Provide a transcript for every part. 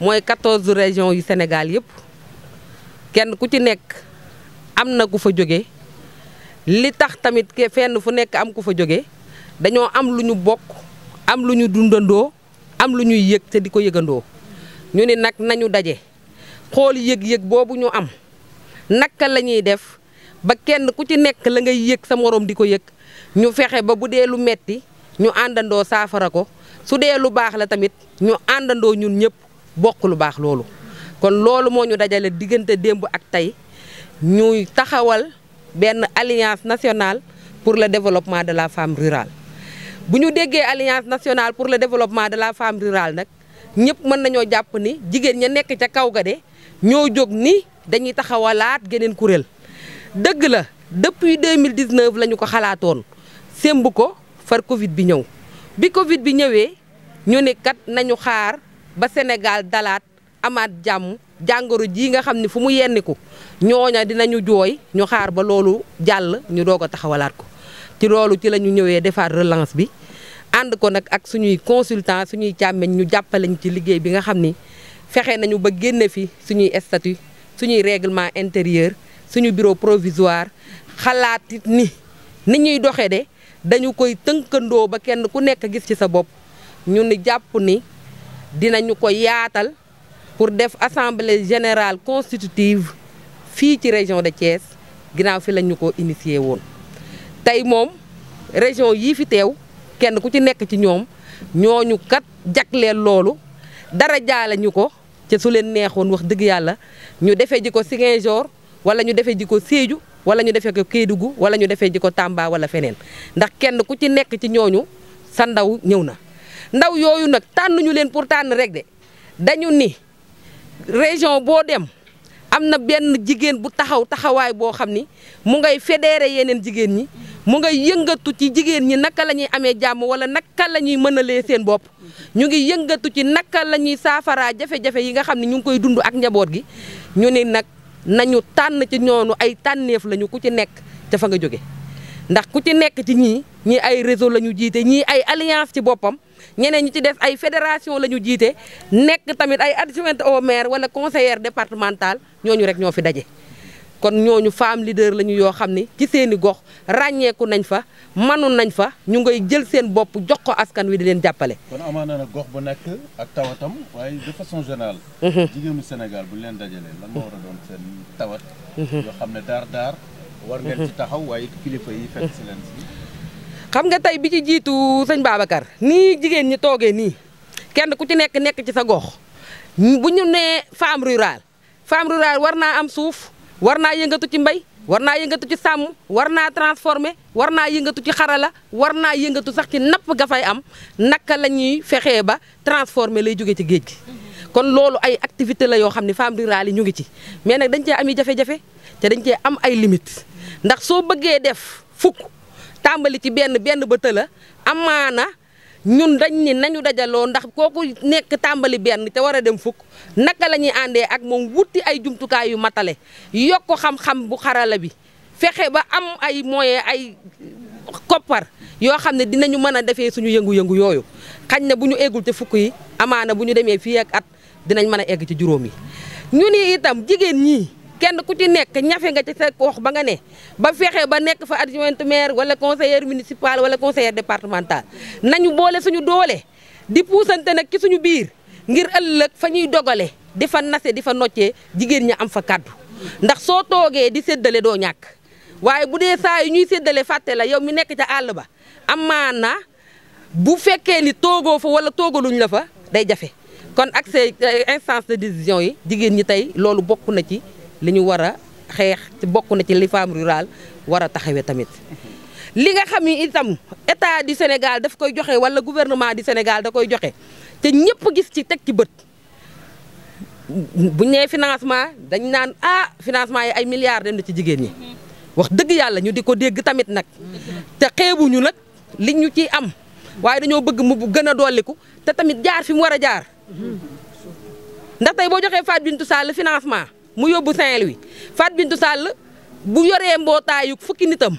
mooy quatorze région yu senegaal yëpp kenn ku ci nekk am na ku fa jóge li tax tamit ke fenn fu nekk am ku fa jóge dañoo am lu ñu bokk am lu ñu dundandoo am lu ñuy yëg te di ko yëgandoo ñu ni nag nañu daje xool yëg-yëg boobu ñu am naka la ñuy def ba kenn ku ci nekk la ngay yëg sa morom di ko yëg ñu fexe ba bu dee lu metti ñu àndandoo saafara ko su dee lu baax la tamit ñu àndandoo ñun ñëpp bokk lu baax loolu. kon loolu moo ñu dajale diggante démb ak tey ñuy taxawal benn alliance nationale pour le développement de la femme rurale bu ñu déggee alliance nationale pour le développement de la femme rurale nag ñëpp mën nañoo jàpp ni jigéen ña nekk ca kaw ga de ñoo jóg ni. dañuy taxawalaat geneen kuréel dëgg la depuis 2019 la ñu ko xalaatoon sémb ko far Covid bi ñëw bi Covid bi ñëwee ñu ne kat nañu xaar ba Sénégal dalaat amaat jàmm jàngoro jii nga xam ni fu mu yenniku ñooña dinañu jooy ñu xaar ba loolu jàll ñu doog a taxawalaat ko ci loolu ci la ñu ñëwee defaat relance bi ànd ko nag ak suñuy consultant suñuy càmmeñ ñu jàppaleñ ci liggéey bi nga xam ni fexe nañu ba génne fi suñuy statut suñuy réglement intérieur suñu bureau provisoire xalaat ni ni ñuy doxee de dañu koy tënkandoo ba kenn ku nekk gis ci sa bopp ñu ni jàpp ni dinañu ko yaatal pour def assemblée générale constitutive fii ci région de Thiès ginnaaw fi la ñu ko initié woon tey moom région yii fi teew kenn ku ci nekk ci ñoom ñooñu kat jagleel loolu dara jaale ko ca su leen neexoon wax dëgg yàlla ñu defee ji ko Ziguinchor wala ñu defee ji ko Sédhiou wala ñu defee ko Kédougou wala ñu defee ji ko Tamba wala feneen ndax kenn ku ci nekk ci ñooñu sa ndaw ñëw na. ndaw yooyu nag tànnuñu leen pour tànn rek de dañu ni région boo dem am na benn jigéen bu taxaw taxawaay boo xam ni mu ngay fédéré yeneen jigéen ñi. mu nga yëngatu ci jigéen ñi naka la ñuy amee jàmm wala naka la ñuy mënalee seen bopp ñu ngi yëngatu ci naka la ñuy saafaraa jafe-jafe yi nga xam ne ñu ngi koy dund ak njaboot gi ñu ne nag nañu tànn ci ñoonu ay tànneef lañu ku ci nekk ca fa nga jóge ndax ku ci nekk ci ñii ñii ay réseau la ñu jiite ñii ay alliance ci boppam ñeneen ñu ci des ay fédération la ñu jiite nekk tamit ay adjoint au maire wala conseillère départementale ñooñu rek ñoo fi daje kon ñooñu femme leader lañu yoo xam ni ci seeni gox ràññeeku nañ fa manu nañ fa ñu ngay jël seen bopp jox ko askan wi di leen jàppale. kon amaana na gox bu nekk ak tawatam waaye de façon générale. Mhm. jigéenu Sénégal bu leen dajalee lan war a doon seen tawat. Mhm. yoo xam ne daar daar. war ngeen ci mhm. taxaw waaye kilifa yi fekk si leen si. xam nga tey bi ci jiitu sëñ Babacar nii jigéen ñi toogee nii kenn ku ci nekk nekk ci sa gox bu ñu nee femme rurale femme rurale naa am suuf. war naa yëngatu ci mbay war naa yëngatu ci sàmm war naa transformer war naa yëngatu ci xarala war naa yëngatu sax ci napp gafay am naka la ñuy fexee ba transformer lay jóge ci géej gi. kon loolu ay activité la yoo xam ni femmes rurales yi ñu ngi ci mais nag dañ cee am i jafe-jafe te dañ cee am ay limites ndax soo bëggee def fukk tàmbali ci benn benn ba tëla amaana. ñun dañ ni nañu dajaloo ndax kooku nekk tàmbali benn te war a dem fukk naka la ñuy àndee ak moom wuti ay jumtukaay yu matale yokk xam-xam bu xarala bi fexe ba am ay moyen ay koppar yoo xam ne dinañu mën a defee suñu yëngu-yëngu yooyu xañ ne bu ñu eggul te fukk yi amaana bu ñu demee fii ak at dinañ mën a egg ci juróom yi itam jigéen ñi kenn ku ci nekk ñafe nga ci sa wax ba nga ne ba fexe ba nekk fa adjointe maire wala conseillère municipal wala conseillère départemental nañu boole suñu doole di puusante nag ci suñu biir ngir ëllëg fa ñuy dogale di fa nase di fa noccee jigéen ñi am fa kàddu ndax soo toogee di séddale doo ñàkk waaye bu dee saa yu ñuy séddale fàtte la yow mi nekk ca àll ba amaa na bu fekkee ni toogoo fa wala toogaluñ la fa day jafe kon accès euh, instance de décision yi jigéen ñi tey loolu bokk na ci li ñu war a xeex bokk na ci li femme rural war a taxawee tamit. li nga xam ni itam état di Sénégal daf koy joxe wala gouvernement di Sénégal da koy joxe te ñëpp gis ci teg ci bët bu ñu financement dañ naan ah financement yi ay milliards dem na ci jigéen ñi wax dëgg yàlla ñu di ko dégg tamit nag te xeebuñu nag li ñu ciy am waaye dañoo bëgg mu gën a dolliku te tamit jaar fi mu war a jaar ndax tey boo joxee Fatou Binetou Sall financement. mu yóbbu Saint-Louis Fat Bintou Sall bu yoree mbootaayu fukki nitam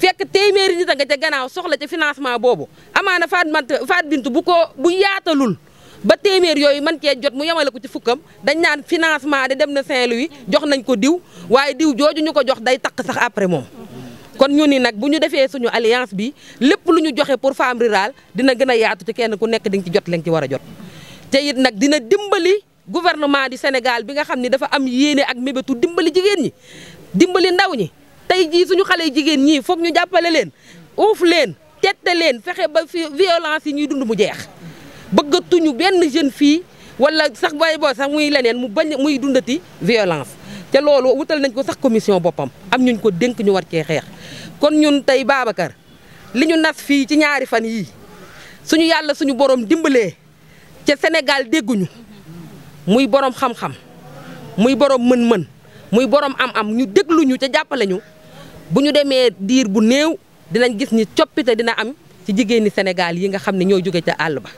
fekk téeméeri nit a nga ca gannaaw soxla ca financement boobu amaana Fat mant Fat Bintou bu ko bu yaatalul ba téeméer yooyu man kee jot mu yemale ko ci fukkam dañ naan financement de dem na Saint-Louis jox nañ ko diw waaye diw jooju ñu ko jox day takk sax après moom. kon ñu ni nag bu ñu defee suñu alliance bi lépp lu ñu joxe pour femme rurale dina gën a yaatu ci kenn ku nekk di nga ci jot li nga war a jot gouvernement di Sénégal bi nga xam ne dafa am yéene ak mébétu dimbali jigéen ñi dimbali ndaw ñi tey jii suñu xale jigéen ñii foog ñu jàppale leen uuf leen tette leen fexe ba fi violence yi ñuy dund mu jeex bëggatuñu benn jeune fii wala sax bay boo sax muy leneen mu bañ muy dundati violence te loolu wutal nañ ko sax commission boppam am ñuñ ko dénk ñu war cee xeex kon ñun tey Babacar li ñu nas fii ci ñaari fan yii suñu yàlla suñu borom dimbalee ca Sénégal dégguñu muy borom xam-xam muy borom mën-mën muy borom am-am ñu déglu ca jàppale ñu bu ñu demee diir bu néew dinañ gis ni coppite dina am ci jigéeni Sénégal yi nga xam ne ñoo jóge ca àll ba.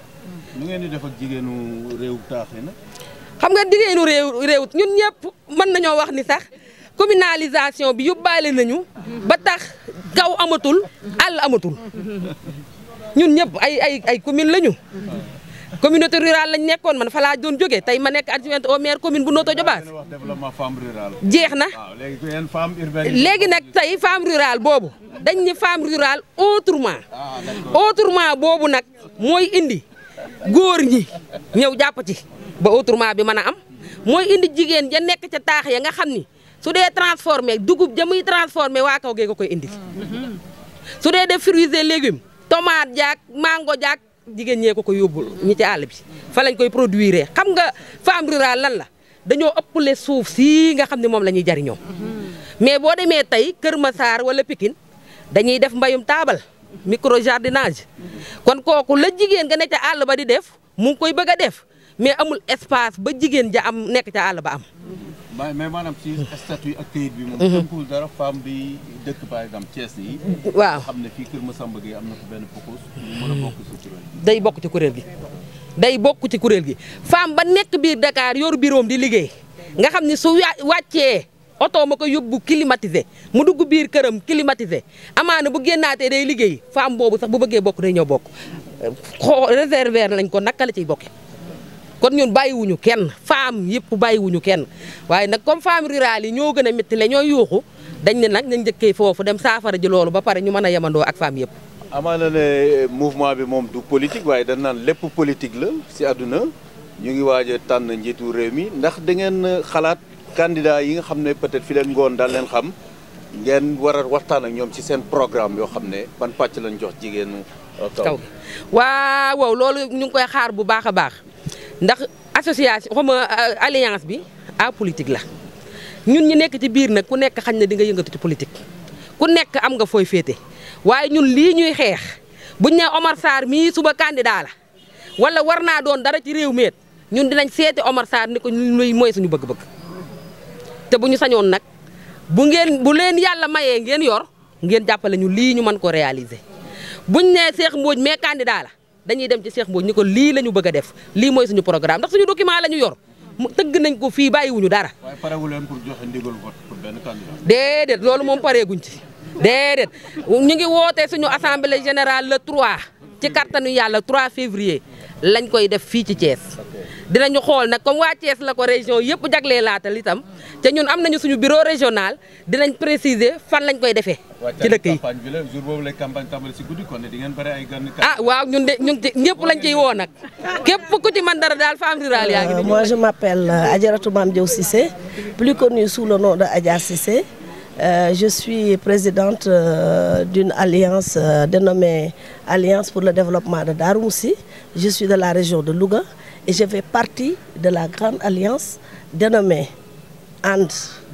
nu ngeen di xam nga jigéenu réew réew ñun ñëpp mën nañoo wax ni sax communalisation bi yóbbaale nañu ba tax gaw amatul àll amatul ñun ñëpp ay ay ay commune lañu communauté rurale lañ nekkoon man fa laa doon jógee tey ma nekk adjointe au maire commune bu Notto Diobass jeex na léegi nag tey femme rurale boobu dañ ni fem rurale autrement ah, autrement boobu nag mooy indi góor ñi ñëw jàpp ci ba autrement bi mën a am mooy indi jigéen ja nekk ca taax ya nga xam ni su dee transformé dugub ja muy transformé waa kaw gee ko koy indi mm-hmm. su dee def fruits et légumes tomate jaak mango jaak jigéen ñee ko ko yóbbul ñi ci àll bi fa lañ koy produire xam nga femme rurale lan la dañoo ëppale suuf si nga xam ne moom la ñuy jariñoo mm-hmm. mais boo demee tey Kër Massar wala pikin dañuy def mbayum taabal micro jardinage mm-hmm. kon kooku la jigéen nga ne ca àll ba di def mu ngi koy bëgg a def mais amul espace ba jigéen ja am nekk ca àll ba am mm-hmm. mais mais maanaam ci statut ak kayit bi mhm. par exemple Thiès yi. waaw xam ne fii a mhm. bokk ci kuréel gi. day bokk kuréel gi. day bokk kuréel gi femme ba nekk biir Dakar yor biroom di liggéey nga xam ne su wàccee oto ma ko yóbbu climatisé mu dugg biir këram climatisé amaana bu génnaatee day liggéey femme boobu sax bu bëggee bokk day ñëw bokk xoo réserver lañ ko naka la ciy bokkee. kon ñun bàyyiwuñu kenn femme yëpp bàyyiwuñu kenn waaye nag comme femme rurale yi ñoo gën a métti le ñooy yuuxu dañ ne nag nañ njëkkee foofu dem saafara ji loolu ba pare ñu mën a yemandoo ak femme yëpp. amaana ne mouvement bi moom du politique waaye dañ naan lépp politique la si àdduna ñu ngi waaj tànn njiitu réew mi ndax da ngeen xalaat candidat yi nga xam ne peut-être fi leen ngoon daal leen xam ngeen war waxtaan ak ñoom ci seen programme yoo xam ne ban pàcc lañ jox jigéenu uh, kaw ñu ngi koy xaar bu baax a baax. ndax association xaw ma euh, bi bi apolitique la ñun ñu nekk ci biir nag ku nekk xañ na di nga yëngatu ci politique ku nekk am nga fooy féete waaye ñun lii ñuy xeex buñ ne Omar Sarr mii suba candidat la wala war naa doon dara ci réew meet ñun dinañ seete Omar Sarr ni ko luy mooy suñu bëgg-bëgg te bu ñu sañoon nag bu ngeen bu leen yàlla mayee ngeen yor ngeen jàppale ñu lii ñu mën ko réaliser buñ ne Cheikh Mbodj mais candidat la dañuy dem ci Cheikh Mbodj ni ko lii la ñu bëgg def lii mooy suñu programme ndax suñu document la ñu yor mu tëgg nañ ko fii bàyyiwuñu dara. waaye parewu leen pour joxe ndigal vote pour benn candidat. déedéet loolu moom pareeguñ ci déedéet ñu ngi wootee suñu assemblée générale le 3 ci kattanu yàlla 3 février lañ koy def fii ci Thiès. dinañu xool nag comme waa Thiès la ko région yëpp jaglee laatal itam te ñun am nañu suñu bureau régional dinañ préciser fan lañ koy defee. ci dëkk yi la jour boobu lay ngeen bari ay gan. ah waaw ñun de ñun ñëpp lañ ciy woo nag képp ku ci mën dara daal femme rurale yaa ngi. Euh, moi je m'appelle euh, Adjaratou Mame Diaw Cissé plus connue sous le nom de Adja Euh, je suis présidente euh, d'une alliance de euh, dénommée Alliance pour le développement de Daroumsi. Je suis de la région de luga et je fais partie de la grande alliance dénommée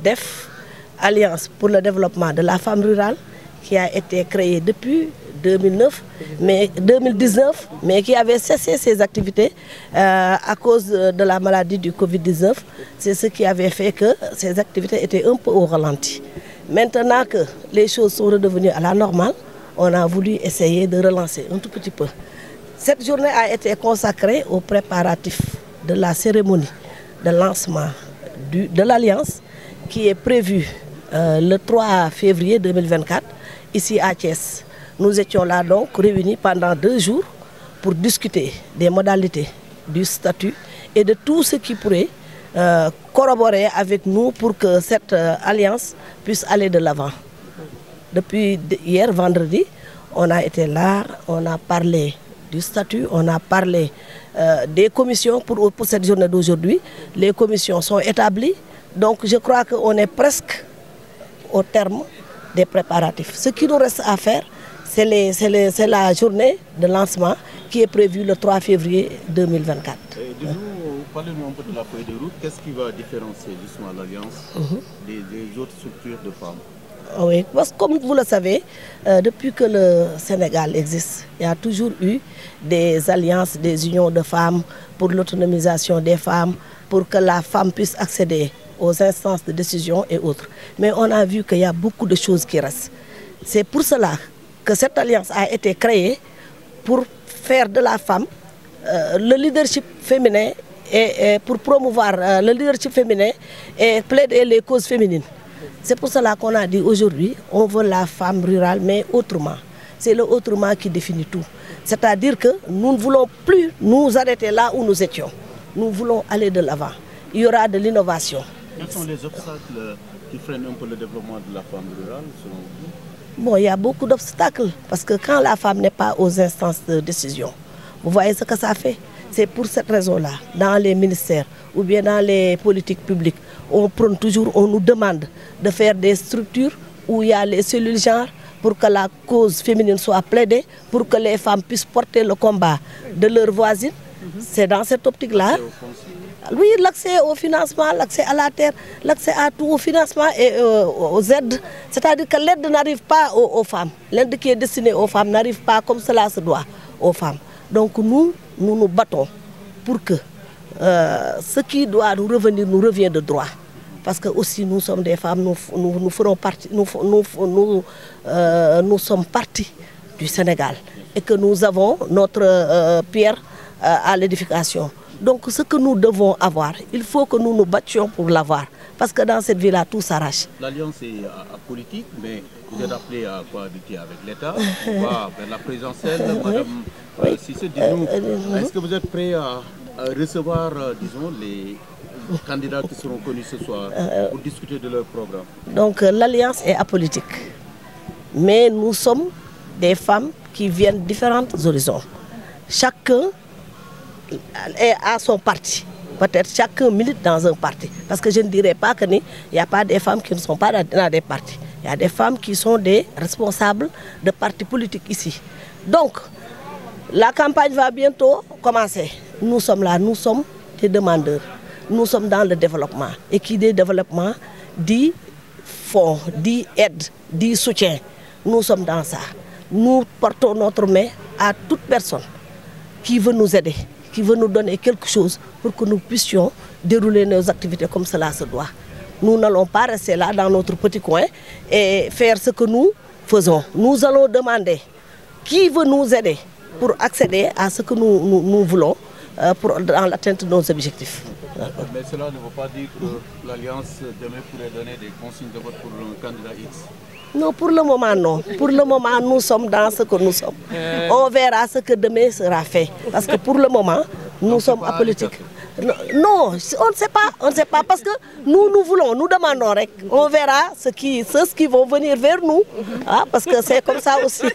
def Alliance pour le développement de la femme rurale, qui a été créée depuis 2009, mais 2019, mais qui avait cessé ses activités euh, à cause de la maladie du Covid-19. C'est ce qui avait fait que ses activités étaient un peu au ralenti. Maintenant que les choses sont redevenues à la normale, on a voulu essayer de relancer un tout petit peu. Cette journée a été consacrée aux préparatifs de la cérémonie de lancement du, de l'Alliance qui est prévue euh, le 3 février 2024 ici à Thiès. Nous étions là donc réunis pendant deux jours pour discuter des modalités du statut et de tout ce qui pourrait euh, corroborer avec nous pour que cette euh, alliance puisse aller de l'avant. Depuis hier vendredi, on a été là, on a parlé du statut, on a parlé euh, des commissions pour, pour cette journée d'aujourd'hui. Les commissions sont établies, donc je crois qu'on est presque au terme des préparatifs. Ce qui nous reste à faire, c'est la journée de lancement qui est prévue le 3 février 2024. Et du coup, parlez-nous un de la feuille de route. Mhm. Ah que comme vous le savez, euh, depuis que le Sénégal existe, il y a toujours eu des alliances, des unions de femmes pour l'autonomisation des femmes, pour que la femme puisse accéder aux instances de décision et autres. Mais on a vu qu'il y a beaucoup de choses qui restent. C'est pour cela que cette alliance a été créée pour faire de la femme euh, le leadership féminin et, pour promouvoir euh, le leadership féminin et plaider les causes féminines. C'est pour cela qu'on a dit aujourd'hui, on veut la femme rurale, mais autrement. C'est le autrement qui définit tout. C'est-à-dire que nous ne voulons plus nous arrêter là où nous étions. Nous voulons aller de l'avant. Il y aura de l'innovation. Quels sont les Bon, il y a beaucoup d'obstacles, parce que quand la femme n'est pas aux instances de décision, vous voyez ce que ça fait C'est pour cette raison-là, dans les ministères ou bien dans les politiques publiques, on prône toujours, on nous demande de faire des structures ou y a les cellules genre pour que la cause féminine soit plaidée, pour que les femmes puissent porter le combat de leurs voisines. C'est dans cette optique la Oui, l'accès au financement, l'accès à la terre, l'accès à tout au financement et euh, aux aides. C'est-à-dire que l'aide n'arrive pas aux, aux femmes. L'aide qui est destinée aux femmes n'arrive pas comme cela se doit aux femmes. Donc nous, nous nous battons pour que euh, ce qui doit nous revenir nous revient de droit. Parce que aussi nous sommes des femmes, nous, nous, nous ferons partie, nous, euh, sommes partie du Sénégal et que nous avons notre euh, pierre euh, à l'édification. Donc ce que nous devons avoir, il faut que nous nous battions pour l'avoir. Parce que dans cette ville tout s'arrache. L'alliance est euh, politique, mais vous êtes appelé à cohabiter avec l'État, vers la présidentielle, Oui. Euh, si euh, est-ce que vous êtes prêt à, à euh, euh, euh, Donc l'alliance est apolitique. Mais nous sommes des femmes qui viennent de différents horizons. Chacun est à son parti. Peut-être chacun milite dans un parti. Parce que je ne dirais pas qu'il n'y a pas des femmes qui ne sont pas dans des partis. Il y a des femmes qui sont des responsables de partis politiques ici. La campagne va bientôt commencer. Nous sommes là, nous sommes des demandeurs. Nous sommes dans le développement. Et qui dit développement di fonds, dit aide, di soutien. Nous sommes dans ça. Nous portons notre mai à toute personne qui veut nous aider, qui veut nous donner quelque chose pour que nous puissions dérouler nos activités comme cela se doit. Nous n'allons pas rester là dans notre petit coin et faire ce que nu faisons. Nous allons demander qui veut nous aider pour accéder à ce que nous, voulons euh, pour, dans de nos objectifs. le candidat Non, pour le moment non. Pour le moment, nous sommes dans ce que nous sommes. Euh. On verra ce que demain sera fait. Parce que pour le moment, nous Donc, sommes apolitiques. Non, on ne sait pas, pas parce que nous, nous voulons, nous demandons, rec. on verra ce qui, vont venir vers nous, parce que c'est comme ça aussi